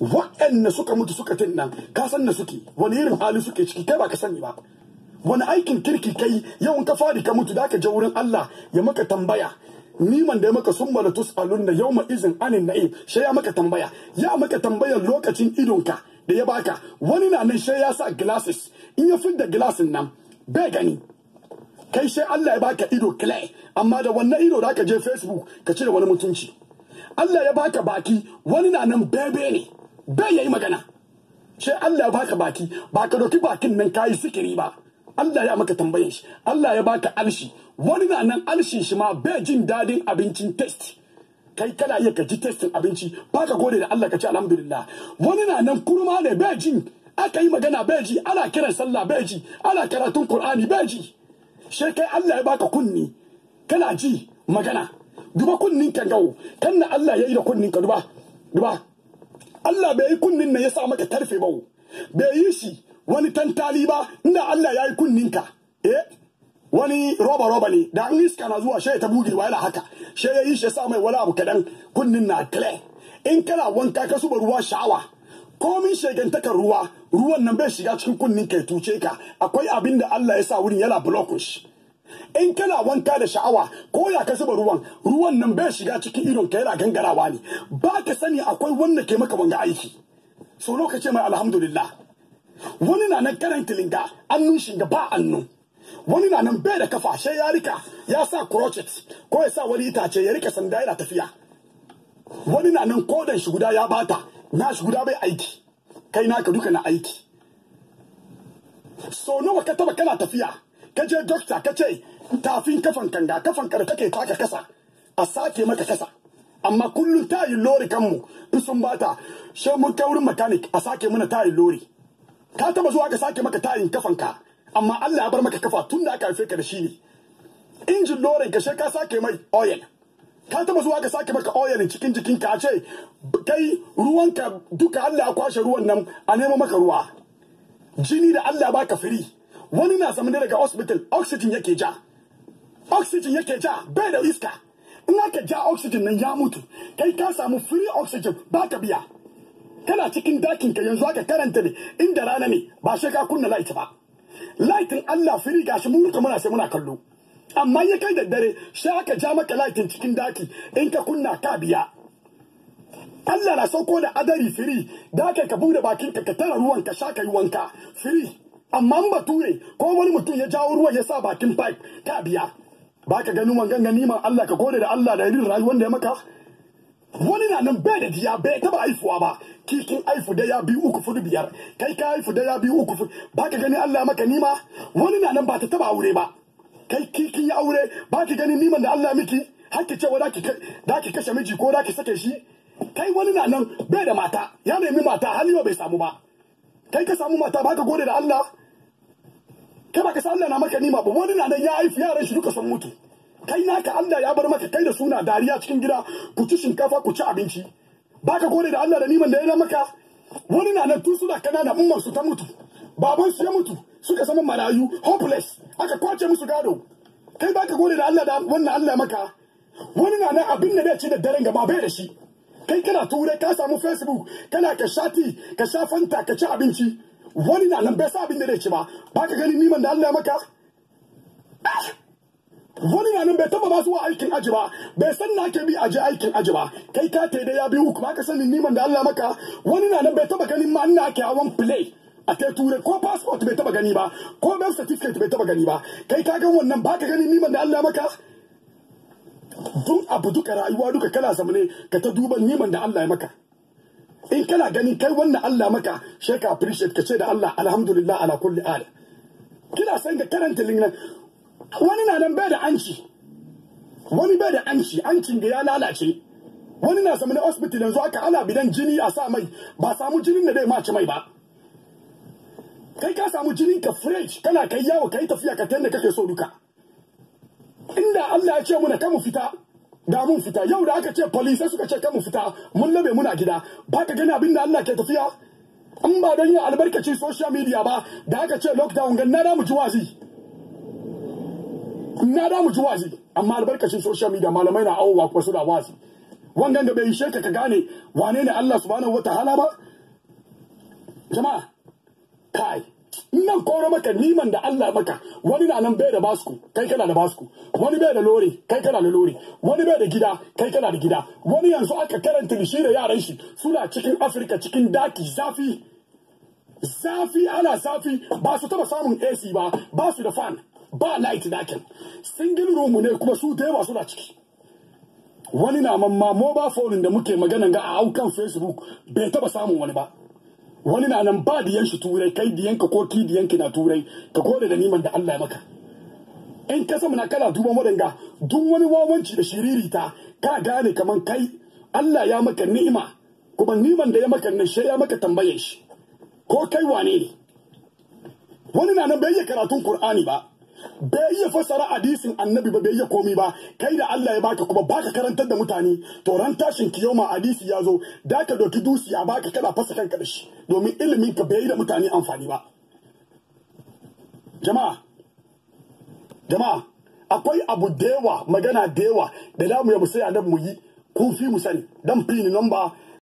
waɗanda suka mutu suka tin nan ka san da suke wani irin hali suke ciki kai ba ka sani ba wani aikin kirki kai yau ka fadi ka mutu da ka je wurin Allah ya maka tambaya niman da ya maka sun mara tus'alun da yau izin anin na'im shi ya maka tambaya ya maka tambayar lokacin idonka da ya baka wani na nan shi ya sa glasses in ya fidda glassin nan bai gani kai shi Allah ya baka ido clear amma da wannan ido da ka je facebook ka cire wani mutunci Allah ya baka baki wani na nan bebe ne bai yi magana sai Allah ya baka baki ba ka doki bakin nan kayi sikiri ba Allah ya maka tambayan shi Allah ya baka alshi wani na nan alshi shi ma bai jin dadin abincin test kai kana iya ka ji testin abinci ba ka gode da Allah ka ce alhamdulillah wani na nan kurma ne bai jin aka yi magana ji ana kiran sallah ji ana karatun qur'ani ji sai kai Allah ya baka kunni kana ji magana duba kunnin ka gawo kanna Allah ya yi da kunnin ka duba duba Allah bai yi kunnin nan ya sa maka tarfe ba bai yi shi wani tantali ba inda Allah ya yi kunninka eh wani roba roba ne da an iska na zuwa shi ta buge wa yana haka shi ya yi shi ya sa mai wani abu kadan kunnin na clear in kana wanka ka suba ruwa sha'awa komin shegantakar ruwa ruwan nan bai shiga cikin kunnin ka ya tuce ka akwai abin da Allah ya sa wurin yana block shi in kana wanka da sha'awa ko ya ka zuba ruwan ruwan nan bai shiga cikin irin ka yana gangarawa ne ba ka sani akwai wanda ke maka wanga aiki so lokaci mai alhamdulillah wani na nan karanta linga annun shiga ba annu wani na nan bai da kafa sai ya rika ya sa crochet ko ya sa wani itace ya rika sanda yana tafiya wani na nan kodan shi guda ya bata na shi guda bai aiki kai naka duka na aiki so nawa ka taba kana tafiya ta je dokta ta ce tafin kafan kanda kafan kar take taka kasa a sake mata kasa amma kullum yi lori kanmu in sun bata sai mun kai wurin mechanic a sake mana tayin lori ka taba zuwa ka sake maka tayin ka amma Allah ya bar maka kafa tun da aka haife ka da shi ne injin lori ka sai ka sake mai oil ka taba zuwa ka sake maka oil cikin jikin a ce kai ruwanka duka Allah ya kwashe ruwan nan a nemo maka ruwa jini da Allah ya baka firi wani na zama daga hospital oxygen yake ja oxygen yake ja bai da iska in aka ja oxygen nan ya mutu kai ka samu free oxygen ba ka biya kana cikin dakin ka yanzu aka karanta ne inda rana ne ba sai ka kunna light ba lightin Allah free gashi mun ruka muna sai muna kallo amma ya kai da dare sai aka ja maka lightin cikin daki in ka kunna ka biya Allah na sauko da adari firi da ka bude bakin ka ka tara ruwan ka sha ka yi wanka firi amma bature ko wani mutum ya jawo ruwan ya sa bakin pipe ta biya ba ka ganin wangan ganiman Allah ka gode da Allah da irin rayuwar da ya maka wani na nan bai da jiya bai taba haifuwa ba kikin haifu da ya bi uku fudu biyar kai ka haifu da ya bi uku fudu ba ka gani Allah maka nima wani na nan ba ta taba aure ba kai kikin ya aure ba ki gani niman da Allah miki har ki cewa da ki kashe miji ko da ki sake shi kai wani na nan bai da mata ya nemi mata har yau bai samu ba kai ka samu mata ba ka gode da Allah kai ba ka san Allah na maka nima ba wani na nan ya haifi yaran shi duka san mutu kai naka Allah ya bar maka kai da suna dariya cikin gida ku ci shinkafa ku ci abinci ba ka gode da Allah da niman da ya maka wani na nan tun suna kanana umman su ta mutu baban su ya mutu suka zama marayu hopeless aka kwace musu gado kai ba ka gode da Allah da wannan Allah maka wani na nan abin da zai ci da daren gaba bai da shi kai kana turai ka samu facebook kana ka shati ka sha fanta ka ci abinci wani na nan bai sa abin da zai ci ba ba ka gani niman da Allah maka eh! wani na nan bai taba masu aikin aji ba bai san na ke bi aji aikin aji ba kai ka ta da ya bi hukuma ka sani niman da Allah maka wani na nan bai taba ganin ma ina ke hawan play a ta ture ko passport bai taba gani ba ko birth certificate bai taba gani ba kai ka gan wannan ba ka gani niman da Allah maka duk abu duka rayuwa duka kala zamane ka ta duban niman da Allah ya maka in kana ganin kai wannan Allah maka she ka appreciate ka ce da Allah alhamdulillah ala kulli hal kina san ga karanta linnan wani na nan bai da anci wani bai da anci ancin da ya lalace wani na zama na hospital yanzu aka ala bidan jini a sa mai ba samu jinin da dai mace mai ba kai ka samu jinin ka fresh kana kai yawo kai tafiya ka tanda kake so duka inda Allah ya ce mu na kamu fita da mun fita yau da aka ce police suka ce kai mu fita mun labe muna gida ba ka gani abin da Allah ke tafiya An ba don yin albarkacin social media ba da aka ce lockdown ga na mu ji wazi na da mu ji wazi amma albarkacin social media malamai na awowa kuma suna wazi wannan da bai yi sheka ka gane wane ne Allah subhanahu wataala ba jama'a kai nan koro maka niman da Allah maka wani na nan bai da basku kai kana da basku wani bai da lori kai kana da lori wani bai da gida kai kana da gida wani yanzu aka karanta shi da yaran shi suna cikin afirka cikin daki zafi zafi ana zafi ba su taba samun ac ba ba su da fan ba light dakin single room ne kuma su da yawa suna ciki wani na mamma mobile phone da muke magana ga a aukan facebook bai taba samun wani ba wani na nan ba diyan shi turai kai diyanka ko ki yanki na turai ka gode da niman da Allah ya maka in ka samu na kala duban wadanga duk wani wawanci da shiriri ta ka gane kaman kai Allah ya maka ni'ima kuma niman da ya maka nan shi ya maka tambaye shi ko kai wane ne wani na nan bai yi karatun Kur'ani ba bai iya fassara hadisin annabi ba bai iya komi ba kai da Allah ya baka kuma baka karantar da mutane to ran tashin kiyoma hadisi ya zo da ka doki dusi a baka kada fasa kanka da shi domin ilimin ka bai da mutane amfani ba jama'a jama'a akwai abu dewa magana da yawa da zamu mu mu sai annabi mu yi kun fi mu sani dan fi ni number